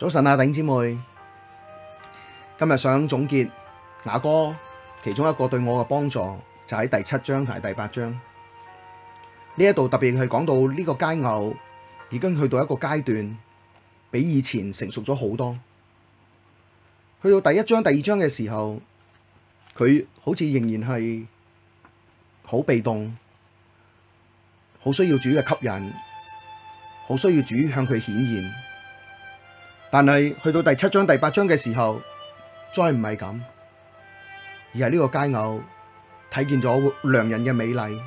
早晨啊，頂姐妹，今日想總結雅歌其中一個對我嘅幫助，就喺第七章同第八章呢一度，特別係講到呢個佳偶已經去到一個階段，比以前成熟咗好多。去到第一章、第二章嘅時候，佢好似仍然係好被動，好需要主嘅吸引，好需要主向佢顯現。但係去到第七章第八章嘅時候，再唔係咁，而係呢個佳偶睇見咗良人嘅美麗，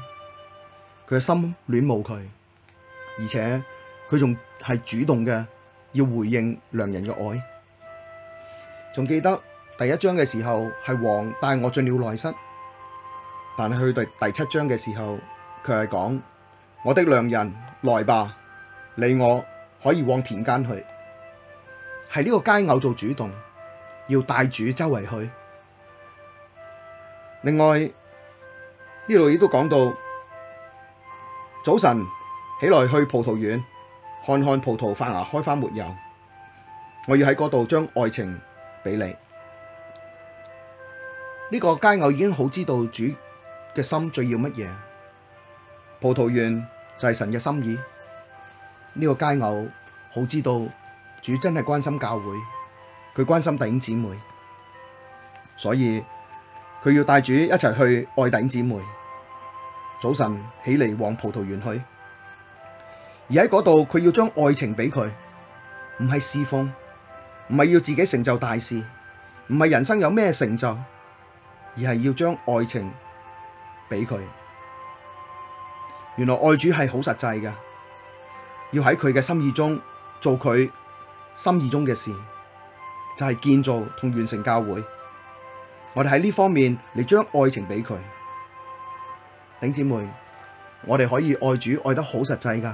佢嘅心戀慕佢，而且佢仲係主動嘅要回應良人嘅愛。仲記得第一章嘅時候係王帶我進了內室，但係去到第七章嘅時候，佢係講我的良人來吧，你我可以往田間去。係呢個佳偶做主動，要帶主周圍去。另外呢度亦都講到，早晨起來去葡萄園，看看葡萄發芽開花沒有。我要喺嗰度將愛情俾你。呢個佳偶已經好知道主嘅心最要乜嘢。葡萄園就係神嘅心意。呢、呢個佳偶好知道。主真係關心教會，佢關心弟兄姊妹，所以佢要帶主一齊去愛弟兄姊妹。早晨起嚟往葡萄園去，而喺嗰度佢要將愛情俾佢，唔係侍奉，唔係要自己成就大事，唔係人生有咩成就，而係要將愛情俾佢。原來愛主係好實際㗎，要喺佢嘅心意中做佢。心意中嘅事就係建造同完成教會，我哋喺呢方面嚟將愛情俾佢，頂姊妹，我哋可以愛主愛得好實際㗎，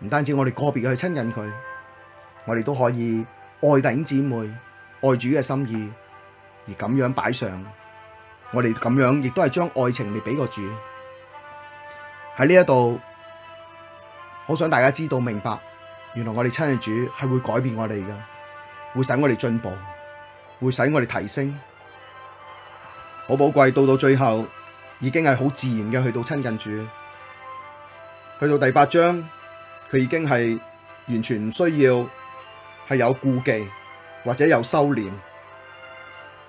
唔單止我哋個別去親近佢，我哋都可以愛頂姊妹，愛主嘅心意，而咁樣擺上，我哋咁樣亦都係將愛情嚟俾個主，喺呢一度，好想大家知道明白。原來我哋親近主係會改變我哋噶，會使我哋進步，會使我哋提升，好寶貴。到到最後，已經係好自然嘅，去到親近主。去到第八章，佢已經係完全唔需要係有顧忌或者有收斂，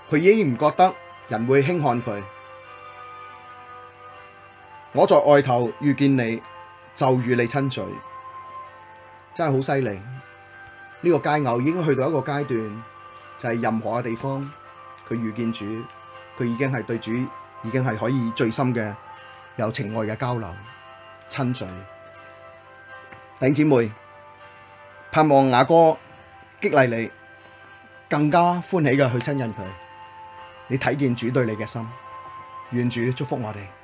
佢依然唔覺得人會輕看佢。我在外頭遇見你，就與你親嘴。真係好犀利！呢個佳偶已經去到一個階段，就係任何嘅地方，佢遇見主，佢已經係對主，已經係可以最深嘅友情愛嘅交流親嘴。弟兄姊妹，盼望雅歌激勵你更加歡喜嘅去親近佢。你睇見主對你嘅心，願主祝福我哋。